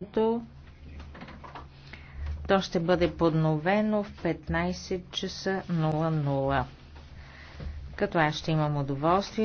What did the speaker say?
заседанието. То ще бъде подновено в 15 часа 00. Като аз ще имам удоволствие